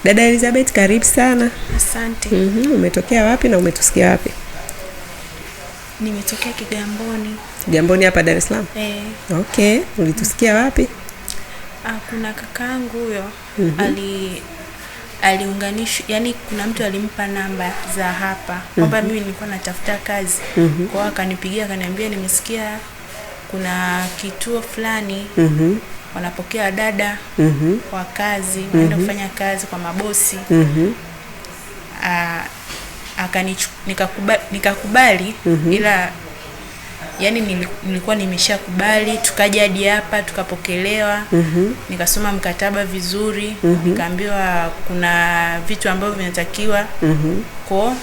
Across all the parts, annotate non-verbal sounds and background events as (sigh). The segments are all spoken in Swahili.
Dada Elizabeth, karibu sana. Asante. Mm -hmm. Umetokea wapi na umetusikia wapi? Nimetokea Kigamboni. Kigamboni hapa Dar es Salaam? Eh. Okay, ulitusikia wapi? Ah, kuna kakaangu huyo mm -hmm. ali aliunganishwa yani, kuna mtu alimpa namba za hapa kwamba mm -hmm. mimi nilikuwa natafuta kazi mm -hmm. kwao, akanipigia akaniambia nimesikia kuna kituo fulani mm -hmm wanapokea dada mm -hmm. wa kazi wanaenda mm -hmm. kufanya kazi kwa mabosi mm -hmm. Nikakubali, nikakubali mm -hmm. ila yani nilikuwa nimeshakubali, tukaja hadi hapa tukapokelewa. mm -hmm. Nikasoma mkataba vizuri. mm -hmm. Nikaambiwa kuna vitu ambavyo vinatakiwa mm -hmm. ko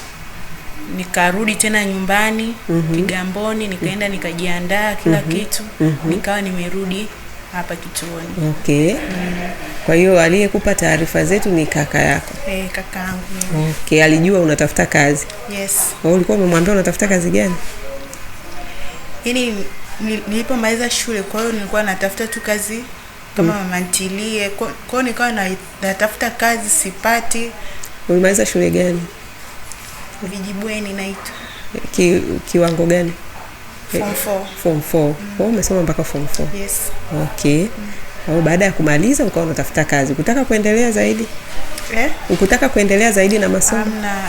nikarudi tena nyumbani mm -hmm. Kigamboni, nikaenda nikajiandaa kila mm -hmm. kitu mm -hmm. nikawa nimerudi hapa kituoni. Okay. Mm. Kwa hiyo aliyekupa taarifa zetu ni kaka yako? Eh, yangu. Okay, alijua unatafuta kazi? Yes. Wewe ulikuwa umemwambia unatafuta kazi gani? Yaani nilipomaliza shule, kwa hiyo nilikuwa natafuta tu kazi kama mm. mama ntilie. Kwa hiyo nikawa na, natafuta kazi sipati. Ulimaliza shule gani? Vijibweni naitwa. Ki, kiwango gani? Eh, form 4. Form 4. Wewe umesoma mpaka form 4. Yes. Okay. Mm. Au baada ya kumaliza ukawa unatafuta kazi. Ukutaka kuendelea zaidi? Eh? Ukutaka kuendelea zaidi na masomo? amna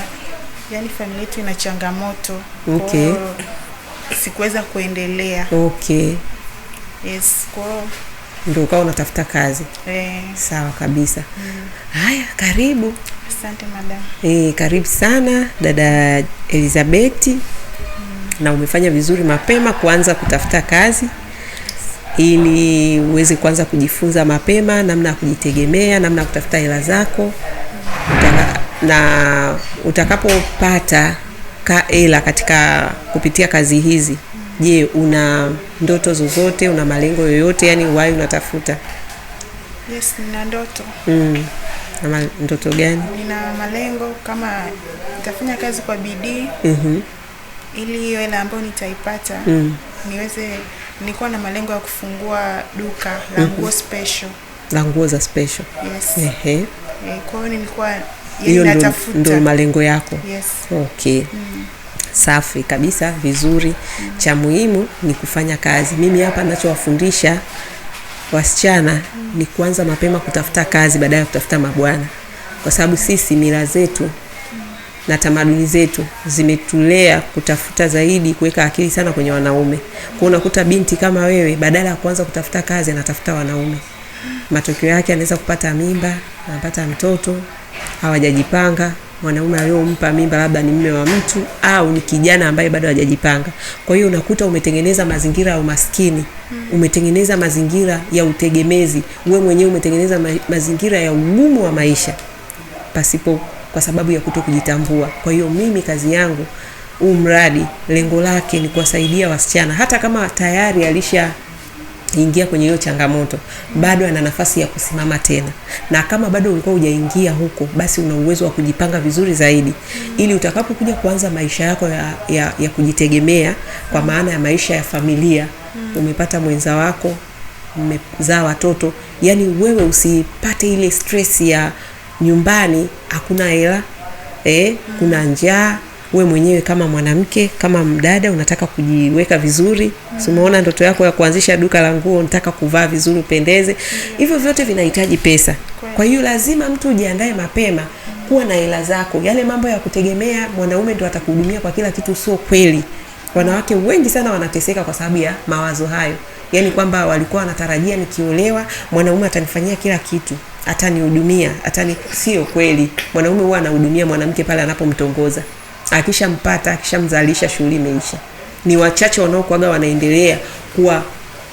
yani familia yetu ina changamoto. Okay. Sikuweza kuendelea. Okay. Yes, kwa ndio ukawa unatafuta kazi eh. Sawa kabisa mm. Haya, karibu. Asante madam. E, karibu sana dada Elizabeti na umefanya vizuri mapema kuanza kutafuta kazi ili uweze kuanza kujifunza mapema namna ya kujitegemea, namna ya kutafuta hela zako utaka, na utakapopata hela katika kupitia kazi hizi, je, una ndoto zozote? Una malengo yoyote? Yani wapi unatafuta? Yes, nina ndoto mm. Ama ndoto gani? Nina malengo kama nitafanya kazi kwa bidii mm -hmm ili hiyo hela ambayo nitaipata mm. niweze nilikuwa na malengo ya kufungua duka la mm-hmm. nguo mm-hmm. special la nguo za special. Yes. Ehe. Eh, kwa hiyo nilikuwa hiyo ndio malengo yako. Yes. Okay. Mm. Safi kabisa, vizuri. Mm. Cha muhimu ni kufanya kazi. Mimi hapa ninachowafundisha wasichana mm. ni kuanza mapema kutafuta kazi baadaye ya kutafuta mabwana, kwa sababu sisi mila zetu na tamaduni zetu zimetulea kutafuta zaidi kuweka akili sana kwenye wanaume. Kwa unakuta binti kama wewe, badala ya kuanza kutafuta kazi, anatafuta wanaume. Matokeo yake anaweza kupata mimba, anapata mtoto, hawajajipanga mwanaume aliyompa mimba labda ni mme wa mtu au ni kijana ambaye bado hajajipanga. Kwa hiyo unakuta umetengeneza mazingira ya umaskini, umetengeneza mazingira ya utegemezi, wewe mwenyewe umetengeneza mazingira ya ugumu wa maisha pasipo kwa sababu ya kuto kujitambua. Kwa hiyo mimi kazi yangu huu mradi lengo lake ni kuwasaidia wasichana, hata kama tayari alisha ingia kwenye hiyo changamoto, bado ana nafasi ya kusimama tena, na kama bado ulikuwa hujaingia huko, basi una uwezo wa kujipanga vizuri zaidi, ili utakapokuja kuanza maisha yako ya, ya, ya kujitegemea, kwa maana ya maisha ya familia, umepata mwenza wako, mmezaa watoto, yani wewe usipate ile stress ya nyumbani hakuna hela eh, kuna njaa we mwenyewe kama mwanamke kama mdada unataka kujiweka vizuri mm. si ndoto yako ya kuanzisha duka la nguo unataka kuvaa vizuri upendeze mm. hivyo vyote vinahitaji pesa kwa hiyo lazima mtu ujiandae mapema kuwa na hela zako yale mambo ya kutegemea mwanaume ndo atakuhudumia kwa kila kitu sio kweli wanawake wengi sana wanateseka kwa sababu ya mawazo hayo yaani kwamba walikuwa wanatarajia nikiolewa mwanaume atanifanyia kila kitu atanihudumia atani. Sio kweli. Mwanaume huwa anahudumia mwanamke pale anapomtongoza, akishampata, akishamzalisha, shughuli imeisha. Ni wachache wanaokuaga wanaendelea kuwa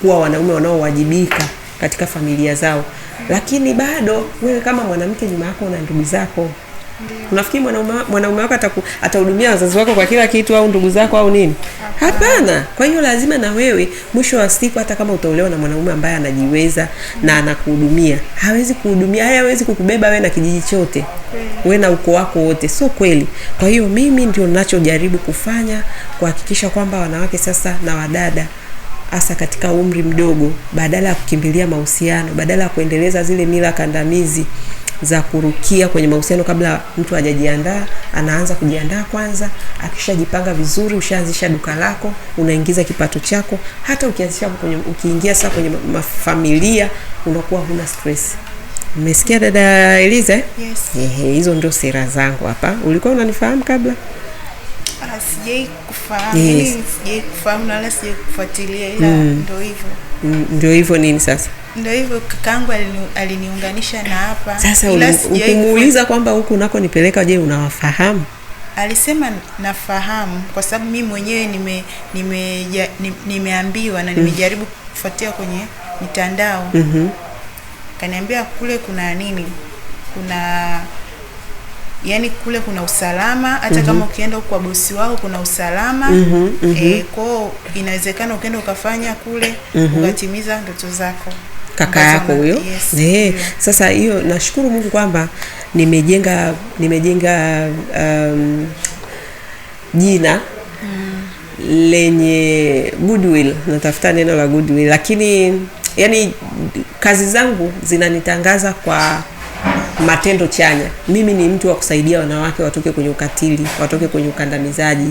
kuwa wanaume wanaowajibika katika familia zao, lakini bado wewe kama mwanamke, nyuma yako na ndugu zako unafikiri mwanaume mwanaume wako ataku, atahudumia wazazi wako kwa kila kitu au ndugu zako au nini? Hapana. Kwa hiyo lazima na wewe mwisho wa siku, hata kama utaolewa na mwanaume ambaye anajiweza na mm. anakuhudumia, hawezi kuhudumia haya, hawezi kukubeba wewe na kijiji chote, wewe na ukoo wako wote, sio kweli. Kwa hiyo mimi ndio ninachojaribu kufanya kuhakikisha kwamba wanawake sasa na wadada hasa katika umri mdogo, badala ya kukimbilia mahusiano, badala ya kuendeleza zile mila kandamizi za kurukia kwenye mahusiano kabla mtu hajajiandaa. Anaanza kujiandaa kwanza, akishajipanga vizuri, ushaanzisha duka lako, unaingiza kipato chako. Hata ukianzisha kwenye, ukiingia sasa kwenye mafamilia unakuwa huna stress. Umesikia dada elize eh? Yes. Ehe, hizo ndio sera zangu hapa. Ulikuwa unanifahamu kabla? Ah, kufahamu. Yes. Sijai kufahamu na kufuatilia ila mm. ndio hivyo. Mm, ndio hivyo nini sasa? Ndio hivyo kakangu aliniunganisha na hapa. Sasa ukimuuliza kwamba huku unakonipeleka, je, unawafahamu? Alisema nafahamu kwa sababu mi mwenyewe nime, nime, nime, nimeambiwa na mm. nimejaribu kufuatia kwenye mitandao mm -hmm. Kaniambia kule kuna nini, kuna yani kule kuna usalama hata mm -hmm. kama ukienda kwa bosi wao kuna usalama mm -hmm. mm -hmm. E, kwao inawezekana ukienda ukafanya kule mm -hmm. ukatimiza ndoto zako kaka yako huyo yes, eh, yeah. Sasa hiyo nashukuru Mungu kwamba nimejenga nimejenga um, jina mm. lenye goodwill, natafuta neno la goodwill, lakini yani kazi zangu zinanitangaza kwa matendo chanya. Mimi ni mtu wa kusaidia wanawake watoke kwenye ukatili, watoke kwenye ukandamizaji,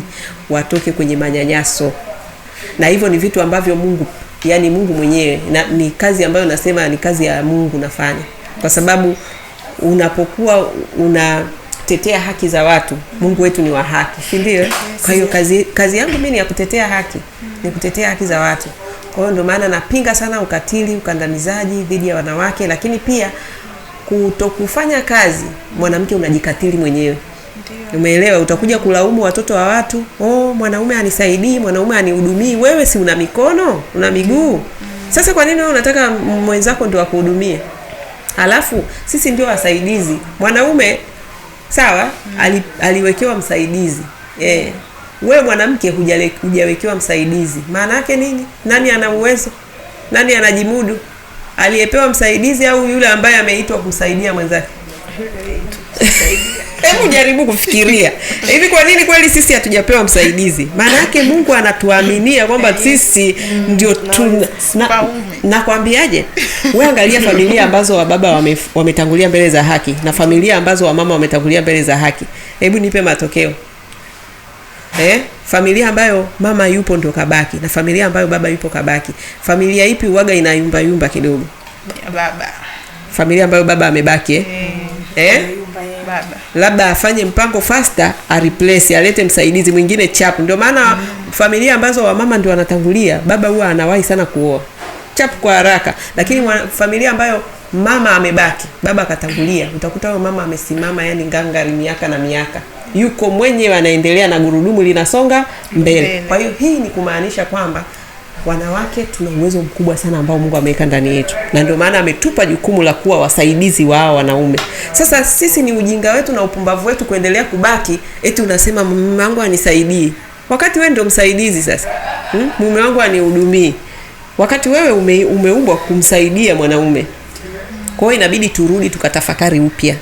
watoke kwenye manyanyaso, na hivyo ni vitu ambavyo Mungu yani Mungu mwenyewe na, ni kazi ambayo nasema ni kazi ya Mungu nafanya, kwa sababu unapokuwa unatetea haki za watu, Mungu wetu ni wa haki, si ndio? Kwa hiyo kazi, kazi yangu mimi ni ya kutetea haki, ni kutetea haki za watu. Kwa hiyo ndio maana napinga sana ukatili, ukandamizaji dhidi ya wanawake, lakini pia kutokufanya kazi, mwanamke unajikatili mwenyewe. Ndiyo. Umeelewa, utakuja kulaumu watoto wa watu, oh, mwanaume anisaidii, mwanaume anihudumii. Wewe si una mikono, una miguu? Mm. Sasa kwa nini wewe unataka mwenzako ndio akuhudumie? Alafu sisi ndio wasaidizi. Mwanaume sawa, mm. ali, aliwekewa msaidizi Yeah. Wewe mwanamke hujawekewa msaidizi. Maana yake nini? Nani ana uwezo? Nani anajimudu? Aliyepewa msaidizi au yule ambaye ameitwa kumsaidia mwenzake? (laughs) Hebu jaribu kufikiria hivi, kwa nini kweli sisi hatujapewa msaidizi? Maana yake Mungu anatuaminia kwamba sisi mm. ndio tuna, nakwambiaje na wewe, angalia familia ambazo wababa wame, wametangulia mbele za haki na familia ambazo wamama wametangulia mbele za haki. Hebu nipe matokeo eh? Familia ambayo mama yupo ndio kabaki na familia ambayo baba yupo kabaki. Familia ipi uwaga ina yumba yumba kidogo? Baba. Familia ambayo baba amebaki eh? Eh? eh? labda afanye mpango faster, ariplace alete msaidizi mwingine chap. Ndio maana mm. familia ambazo wamama ndio wanatangulia, baba huwa anawahi sana kuoa chap kwa haraka, lakini mm. familia ambayo mama amebaki baba akatangulia, utakuta huyo mama amesimama, yani ngangari, miaka na miaka yuko mwenyewe, anaendelea na gurudumu linasonga mbele. Kwa hiyo hii ni kumaanisha kwamba wanawake tuna uwezo mkubwa sana ambao Mungu ameweka ndani yetu, na ndio maana ametupa jukumu la kuwa wasaidizi wa wanaume. Sasa sisi ni ujinga wetu na upumbavu wetu kuendelea kubaki eti unasema mume wangu anisaidii, wakati wewe ndio msaidizi. Sasa hmm? mume wangu anihudumii, wakati wewe ume, umeumbwa kumsaidia mwanaume. Kwa hiyo inabidi turudi tukatafakari upya,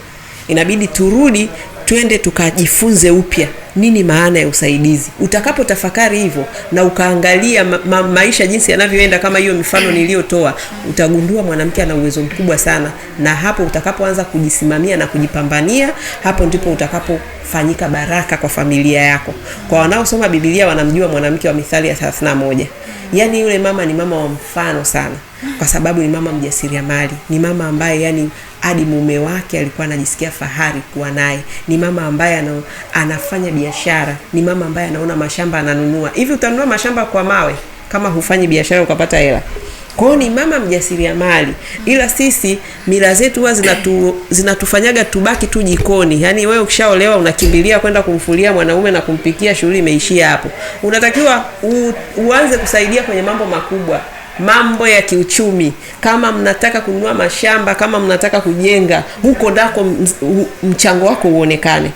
inabidi turudi twende tukajifunze upya nini maana ya usaidizi. Utakapotafakari hivyo na ukaangalia ma ma maisha jinsi yanavyoenda, kama hiyo mifano niliyotoa, utagundua mwanamke ana uwezo mkubwa sana, na hapo utakapoanza kujisimamia na kujipambania, hapo ndipo utakapofanyika baraka kwa familia yako. Kwa wanaosoma Biblia wanamjua mwanamke wa Mithali ya 31. Yaani yule mama ni mama wa mfano sana, kwa sababu ni mama mjasiriamali, ni mama ambaye yani hadi mume wake alikuwa anajisikia fahari kuwa naye. Ni mama ambaye anafanya biashara, ni mama ambaye anaona mashamba ananunua. Hivi utanunua mashamba kwa mawe kama hufanyi biashara ukapata hela? Kwa hiyo ni mama mjasiriamali, ila sisi mila zetu huwa zinatu, zinatufanyaga tubaki tu jikoni. Yaani wewe ukishaolewa unakimbilia kwenda kumfulia mwanaume na kumpikia, shughuli imeishia hapo. Unatakiwa u, uanze kusaidia kwenye mambo makubwa mambo ya kiuchumi, kama mnataka kununua mashamba, kama mnataka kujenga huko dako, mchango wako uonekane.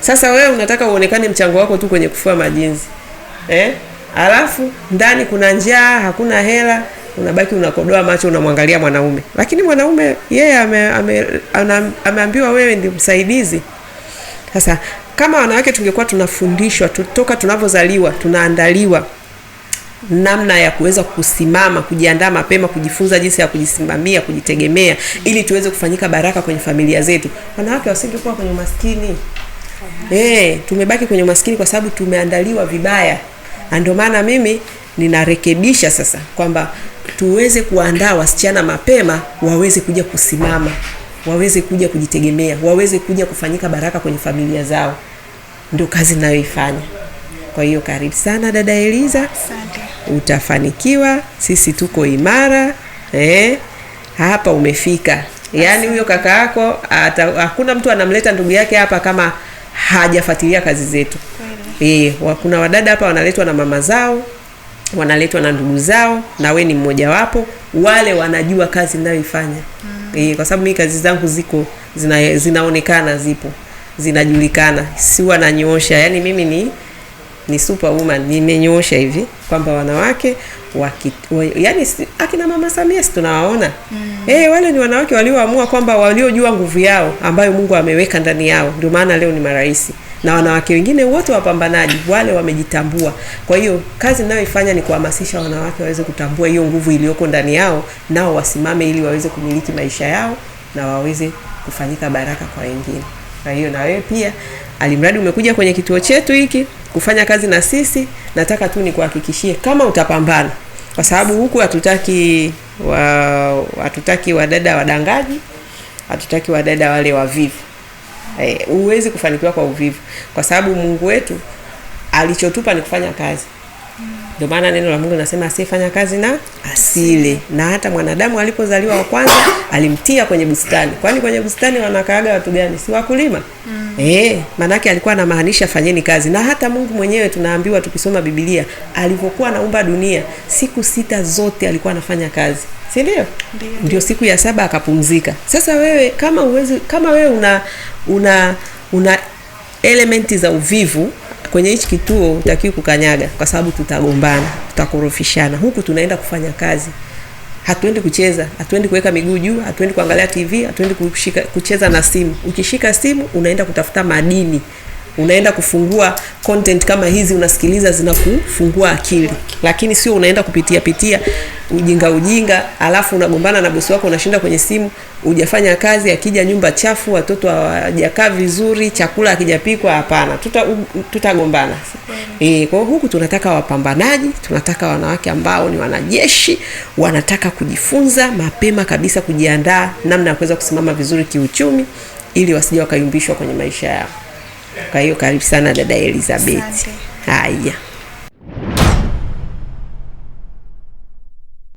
Sasa wewe unataka uonekane mchango wako tu kwenye kufua majinzi eh? Alafu ndani kuna njaa, hakuna hela, unabaki unakodoa macho, unamwangalia mwanaume, lakini mwanaume yeye ame, ame, ame, ameambiwa wewe ndi msaidizi. Sasa kama wanawake tungekuwa tunafundishwa toka tunavyozaliwa, tunaandaliwa namna ya kuweza kusimama, kujiandaa mapema, kujifunza jinsi ya kujisimamia, kujitegemea ili tuweze kufanyika baraka kwenye familia zetu. Wanawake wasingekuwa kwenye umaskini. Eh, tumebaki kwenye umaskini kwa sababu tumeandaliwa vibaya, na ndio maana mimi ninarekebisha sasa kwamba tuweze kuandaa wasichana mapema waweze kuja kusimama, waweze kuja kujitegemea, waweze kuja kufanyika baraka kwenye familia zao. Ndio kazi ninayoifanya. Kwa hiyo karibu sana dada Eliza. Asante. Utafanikiwa, sisi tuko imara eh, hapa umefika. Yaani huyo kaka yako hakuna mtu anamleta ndugu yake hapa kama hajafuatilia kazi zetu. Eh, kuna wadada hapa wanaletwa na mama zao wanaletwa na ndugu zao, na we ni mmojawapo wale wanajua kazi ninayoifanya. Mm. E, kwa sababu mi kazi zangu ziko zina, zinaonekana zipo zinajulikana, si wananyoosha, yani mimi ni ni superwoman, nimenyosha hivi kwamba wanawake waki, wa, yani akina mama Samia si tunawaona mm. Eh, wale ni wanawake walioamua kwamba waliojua nguvu yao ambayo Mungu ameweka ndani yao, ndio maana leo ni marais na wanawake wengine wote wapambanaji wale wamejitambua. Kwa hiyo kazi ninayoifanya ni kuhamasisha wanawake waweze kutambua hiyo nguvu iliyoko ndani yao, nao wasimame ili waweze kumiliki maisha yao na waweze kufanyika baraka kwa wengine. Kwa hiyo na wewe pia, alimradi umekuja kwenye kituo chetu hiki kufanya kazi na sisi, nataka tu nikuhakikishie kama utapambana, kwa sababu huku hatutaki wa hatutaki wadada wadangaji, hatutaki wadada wale wavivu. e, eh, huwezi kufanikiwa kwa uvivu, kwa sababu Mungu wetu alichotupa ni kufanya kazi. Ndio maana neno la Mungu linasema asiyefanya kazi na asile. Na hata mwanadamu alipozaliwa wa kwanza alimtia kwenye bustani, kwani kwenye bustani wanakaaga watu gani? Si wakulima? mm. Eh, manake alikuwa anamaanisha fanyeni kazi, na hata Mungu mwenyewe tunaambiwa tukisoma Biblia alivyokuwa anaumba dunia siku sita zote alikuwa anafanya kazi, si ndio? Ndio siku ya saba akapumzika. Sasa wewe kama uwezi, kama wewe una una una elementi za uvivu kwenye hichi kituo, utakiwi kukanyaga, kwa sababu tutagombana, tutakorofishana, huku tunaenda kufanya kazi hatuendi kucheza, hatuendi kuweka miguu juu, hatuendi kuangalia TV, hatuendi kushika, kucheza na simu. Ukishika simu unaenda kutafuta madini, unaenda kufungua content kama hizi unasikiliza, zinakufungua akili, lakini sio unaenda kupitia pitia ujinga ujinga, alafu unagombana na bosi wako, unashinda kwenye simu, hujafanya kazi, akija nyumba chafu, watoto hawajakaa vizuri, chakula hakijapikwa. Hapana, tuta um, tutagombana. E, kwa hiyo huku tunataka wapambanaji, tunataka wanawake ambao ni wanajeshi, wanataka kujifunza mapema kabisa, kujiandaa namna ya kuweza kusimama vizuri kiuchumi, ili wasije wakayumbishwa kwenye maisha yao. Kwa hiyo karibu sana dada Elizabeth. Haya.